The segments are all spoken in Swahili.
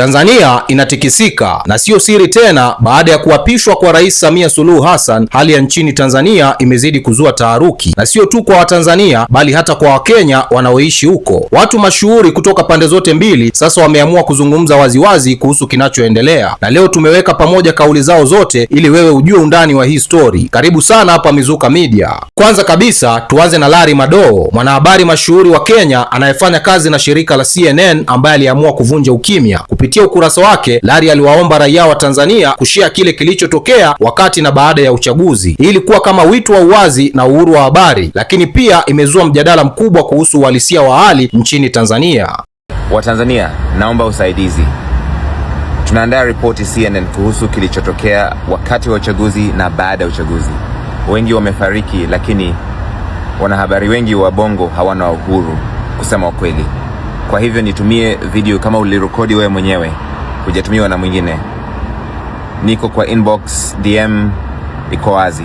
Tanzania inatikisika na sio siri tena, baada ya kuapishwa kwa Rais Samia Suluhu Hassan, hali ya nchini Tanzania imezidi kuzua taharuki, na sio tu kwa Watanzania bali hata kwa Wakenya wanaoishi huko. Watu mashuhuri kutoka pande zote mbili sasa wameamua kuzungumza waziwazi kuhusu kinachoendelea, na leo tumeweka pamoja kauli zao zote ili wewe ujue undani wa hii stori. Karibu sana hapa Mizuka Media. Kwanza kabisa tuanze na Larry Madowo, mwanahabari mashuhuri wa Kenya anayefanya kazi na shirika la CNN ambaye aliamua kuvunja ukimya kupitia Kupitia ukurasa wake, Lari aliwaomba raia wa Tanzania kushia kile kilichotokea wakati na baada ya uchaguzi ili kuwa kama wito wa uwazi na uhuru wa habari, lakini pia imezua mjadala mkubwa kuhusu uhalisia wa hali nchini Tanzania. Watanzania, naomba usaidizi. Tunaandaa ripoti CNN kuhusu kilichotokea wakati wa uchaguzi na baada ya uchaguzi. Wengi wamefariki, lakini wanahabari wengi wa Bongo hawana uhuru kusema ukweli. Kwa hivyo nitumie video kama ulirekodi wewe mwenyewe, hujatumiwa na mwingine. Niko kwa inbox, DM iko wazi.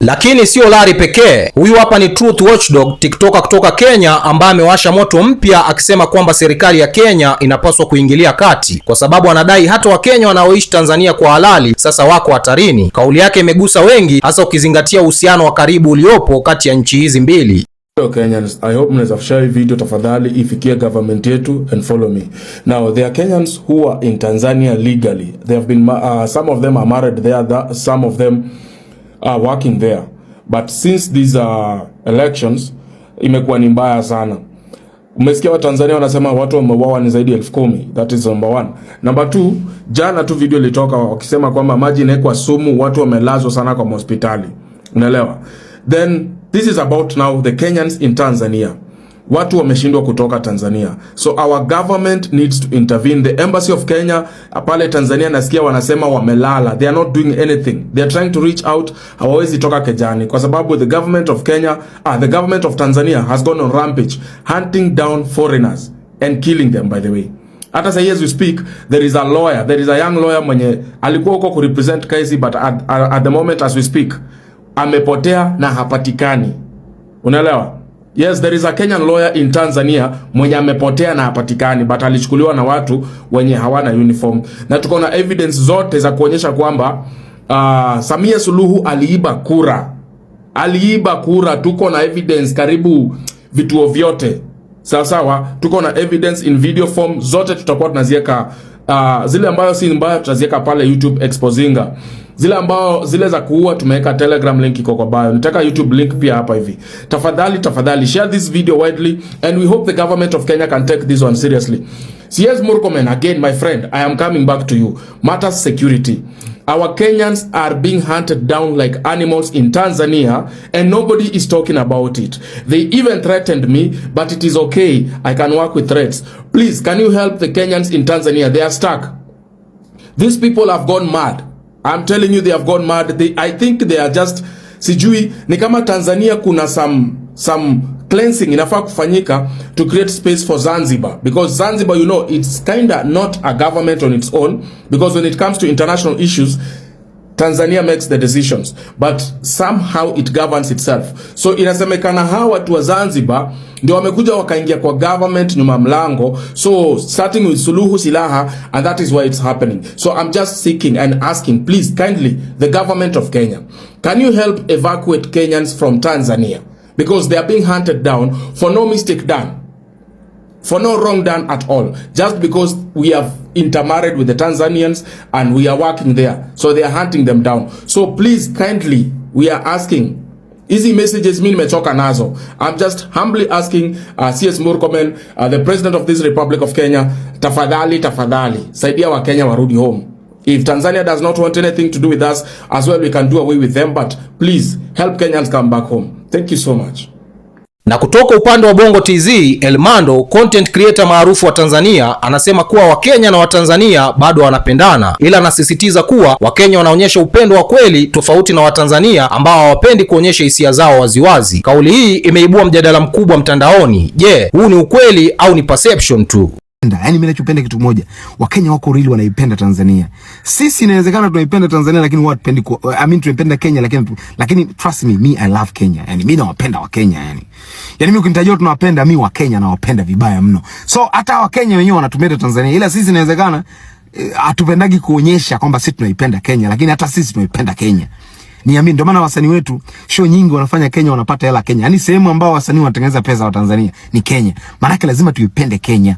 Lakini sio lari pekee. Huyu hapa ni Truth Watchdog TikToker kutoka Kenya ambaye amewasha moto mpya akisema kwamba serikali ya Kenya inapaswa kuingilia kati kwa sababu anadai hata Wakenya wanaoishi Tanzania kwa halali sasa wako hatarini. Kauli yake imegusa wengi hasa ukizingatia uhusiano wa karibu uliopo kati ya nchi hizi mbili. Hello Kenyans, I hope mnaweza share hii video tafadhali, ifikie government yetu and follow me. Now there are Kenyans who are in Tanzania legally. They have been uh, some of them are married there, that, some of them are working there. But since these uh, elections imekuwa ni mbaya sana. Umesikia Watanzania wanasema watu wameuawa ni zaidi ya elfu kumi. That is number one. Number two, jana tu video ilitoka wakisema kwamba maji inawekwa sumu, watu wamelazwa sana kwa hospitali. Unaelewa? Then This is about now the Kenyans in Tanzania. Watu wameshindwa kutoka Tanzania, so our government needs to intervene. The embassy of Kenya uh, pale Tanzania nasikia wanasema wamelala, they are not doing anything, they are trying to reach out, hawawezi toka kejani kwa sababu the government of Kenya, ah, the government of Tanzania has gone on rampage hunting down foreigners and killing them by the way. Hata sasa as we speak there is a lawyer, there is a young lawyer mwenye alikuwa huko kurepresent Kaisi but at, at the moment as we speak amepotea na hapatikani. Unaelewa? Yes, there is a Kenyan lawyer in Tanzania mwenye amepotea na hapatikani, but alichukuliwa na watu wenye hawana uniform, na tuko na evidence zote za kuonyesha kwamba uh, Samia Suluhu aliiba kura, aliiba kura. Tuko na evidence karibu vituo vyote, sawa sawa. Tuko na evidence in video form, zote tutakuwa tunaziweka. Uh, ah, zile ambayo si mbaya tutaziweka pale YouTube Exposinga. Zile ambao zile za kuua tumeweka Telegram link iko kwa bio. Nitaka YouTube link pia hapa hivi. Tafadhali tafadhali share this video widely and we hope the government of Kenya can take this one seriously. CS Murkomen again my friend, I am coming back to you. Matters security. Our Kenyans are being hunted down like animals in Tanzania and nobody is talking about it. They even threatened me, but it is okay. I can work with threats. Please, can you help the Kenyans in Tanzania? They are stuck. These people have gone mad. I'm telling you they have gone mad. They, I think they are just sijui ni kama Tanzania kuna some some cleansing inafaa kufanyika to create space for Zanzibar because Zanzibar you know it's kinda not a government on its own because when it comes to international issues Tanzania makes the decisions but somehow it governs itself. So inasemekana hawa watu wa Zanzibar ndio wamekuja wakaingia kwa government nyuma mlango, so starting with Suluhu Silaha and that is why it's happening. So I'm just seeking and asking please kindly the government of Kenya, can you help evacuate Kenyans from Tanzania because they are being hunted down for no mistake done for no wrong done at all just because we have intermarried with the Tanzanians and we are working there so they are hunting them down so please kindly we are asking easy messages mean mechoka nazo I'm just humbly asking uh, CS Murkomen uh, the president of this Republic of Kenya tafadhali tafadhali saidia Kenya warudi home If Tanzania does not want anything to do with us as well we can do away with them but please help Kenyans come back home thank you so much na kutoka upande wa Bongo TZ, Elmando content creator maarufu wa Tanzania anasema kuwa Wakenya na Watanzania bado wanapendana, ila anasisitiza kuwa Wakenya wanaonyesha upendo wa kweli tofauti na Watanzania ambao hawapendi kuonyesha hisia zao waziwazi. Kauli hii imeibua mjadala mkubwa mtandaoni. Je, huu ni ukweli au ni perception tu? Yani mimi nachopenda kitu moja, Wakenya wako really wanaipenda Tanzania. Sisi inawezekana tunaipenda Tanzania lakini wao tupendi I mean tunaipenda Kenya lakini lakini trust me me I love Kenya. Yani mimi nawapenda Wakenya yani. Yani mimi ukinitajia tunawapenda mimi Kenya nawapenda vibaya mno. So hata Wakenya wenyewe wanatupenda Tanzania ila sisi inawezekana eh, hatupendagi kuonyesha kwamba sisi tunaipenda Kenya lakini hata sisi tunaipenda Kenya. Niamini, ndio maana wasanii wetu show nyingi wanafanya Kenya, wanapata hela Kenya. Yani sehemu ambao wasanii wanatengeneza pesa wa Tanzania ni Kenya. Maana lazima tuipende Kenya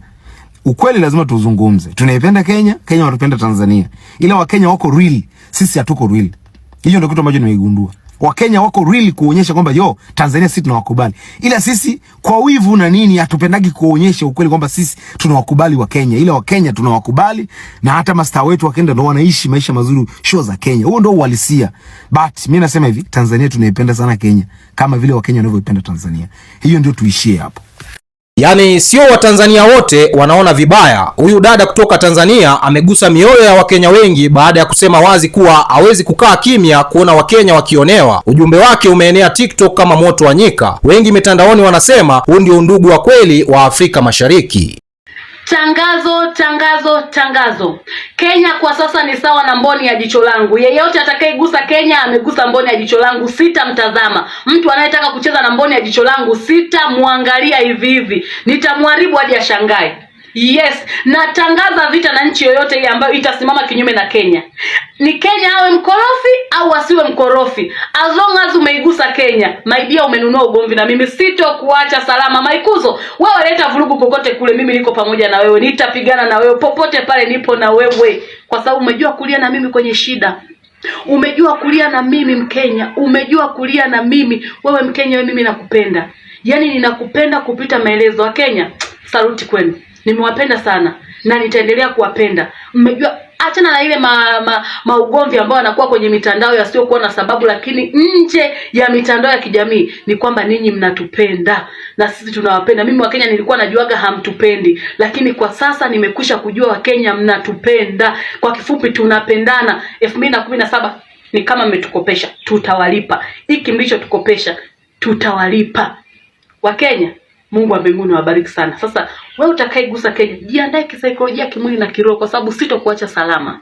ukweli lazima tuzungumze. Tunaipenda Kenya, Kenya wanatupenda Tanzania, ila Wakenya wako real, sisi hatuko real. Hiyo ndio kitu ambacho nimeigundua. Wakenya wako real kuonyesha kwamba yo Tanzania sisi tunawakubali, ila sisi kwa wivu na nini hatupendagi kuonyesha ukweli kwamba sisi tunawakubali Wakenya, ila Wakenya tunawakubali, na hata mastaa wetu wakenda ndo wanaishi maisha mazuri, show za Kenya. Huo ndo uhalisia, but mi nasema hivi, Tanzania tunaipenda sana Kenya kama vile Wakenya wanavyoipenda Tanzania. Hiyo ndio tuishie hapo. Yaani sio Watanzania wote wanaona vibaya. Huyu dada kutoka Tanzania amegusa mioyo ya Wakenya wengi baada ya kusema wazi kuwa hawezi kukaa kimya kuona Wakenya wakionewa. Ujumbe wake umeenea TikTok kama moto wa nyika. Wengi mitandaoni wanasema huu ndio undugu wa kweli wa Afrika Mashariki. Tangazo, tangazo, tangazo. Kenya kwa sasa ni sawa na mboni ya jicho langu. Yeyote atakayegusa Kenya amegusa mboni ya jicho langu, sitamtazama. Mtu anayetaka kucheza na mboni ya jicho langu sitamwangalia hivi hivi, nitamharibu hadi ashangae. Yes, natangaza vita na nchi yoyote ile ambayo itasimama kinyume na Kenya. Ni Kenya awe mkorofi au asiwe mkorofi, as long as umeigusa Kenya, my dear, umenunua ugomvi na mimi sitokuacha salama. Maikuzo, wewe leta vurugu kokote kule, mimi niko pamoja na wewe, nitapigana na wewe popote pale, nipo na wewe kwa sababu umejua kulia na mimi kwenye shida umejua kulia na mimi Mkenya, umejua kulia na mimi wewe Mkenya, wewe mimi nakupenda, yaani ninakupenda kupita maelezo. Kenya, saluti kwenu. Nimewapenda sana na nitaendelea kuwapenda. Mmejua, achana na ile ma, ma, maugomvi ambayo anakuwa kwenye mitandao yasiyokuwa na sababu, lakini nje ya mitandao ya kijamii ni kwamba ninyi mnatupenda na sisi tunawapenda. Mimi Wakenya nilikuwa najuaga hamtupendi, lakini kwa sasa nimekwisha kujua Wakenya mnatupenda. Kwa kifupi, tunapendana. elfu mbili na kumi na saba ni kama mmetukopesha, tutawalipa. Hiki mlichotukopesha tutawalipa Wakenya. Mungu wa mbinguni wabariki sana. Sasa wewe utakayegusa Kenya, jiandae kisaikolojia, kimwili na kiroho, kwa sababu sitokuacha salama.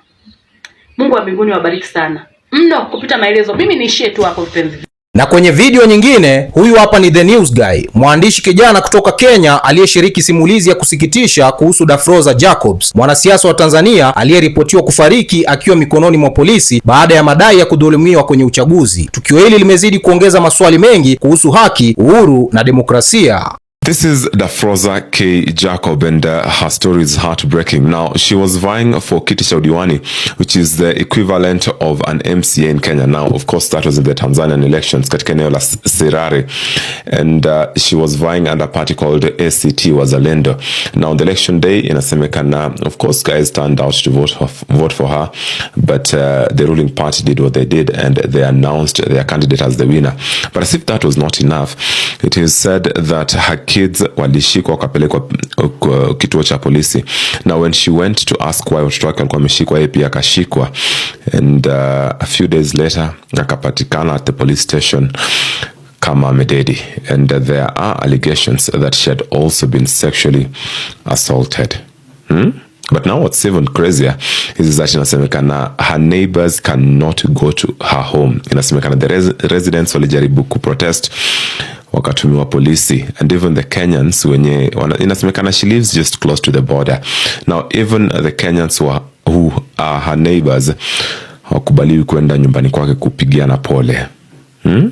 Mungu wa mbinguni wabariki sana mno kupita maelezo. Mimi niishie tu hapo mpenzi. Na kwenye video nyingine, huyu hapa ni The News Guy, mwandishi kijana kutoka Kenya aliyeshiriki simulizi ya kusikitisha kuhusu Dafroza Jacobs, mwanasiasa wa Tanzania aliyeripotiwa kufariki akiwa mikononi mwa polisi baada ya madai ya kudhulumiwa kwenye uchaguzi. Tukio hili limezidi kuongeza maswali mengi kuhusu haki, uhuru na demokrasia. This is Dafroza K. Jacob and uh, her story is heartbreaking. Now, she was vying for kiti cha udiwani which is the equivalent of an MCA in Kenya. Now, of course, that was in the Tanzanian elections katika eneo la Sirare and uh, she was vying under a party called ACT Wazalendo. Now, on the election day inasemekana, of course, guys turned out to vote for, vote for her but uh, the ruling party did what they did and they announced their candidate as the winner. But as if that was not enough, it is said that her kids walishikwa wakapelekwa uh, kituo cha polisi, na when she went to ask why watoto wake walikuwa wameshikwa, yeye pia akashikwa, and uh, a few days later akapatikana at the police station kama amededi, and uh, there are allegations that she had also been sexually assaulted hmm? But now what's even crazier is that inasemekana her neighbors cannot go to her home. Inasemekana the res residents walijaribu kuprotest wakatumiwa polisi and even the Kenyans wenye inasemekana she lives just close to the border now even the Kenyans who are her neighbors hawakubaliwi kwenda nyumbani kwake kupigiana pole hmm?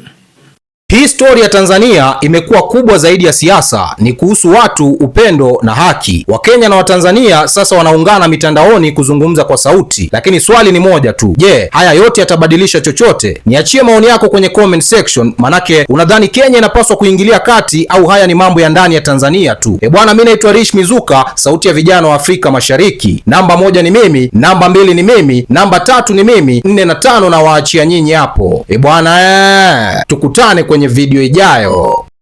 Hii stori ya Tanzania imekuwa kubwa zaidi ya siasa, ni kuhusu watu, upendo na haki. Wakenya na Watanzania sasa wanaungana mitandaoni kuzungumza kwa sauti, lakini swali ni moja tu. Je, haya yote yatabadilisha chochote? Niachie maoni yako kwenye comment section, manake unadhani Kenya inapaswa kuingilia kati au haya ni mambo ya ndani ya Tanzania tu? E bwana, mi naitwa Rish Mizuka, sauti ya vijana wa Afrika Mashariki. Namba moja ni mimi, namba mbili ni mimi, namba tatu ni mimi, nne na tano na waachia nyinyi hapo. E bwana, eh, tukutane kwenye video ijayo.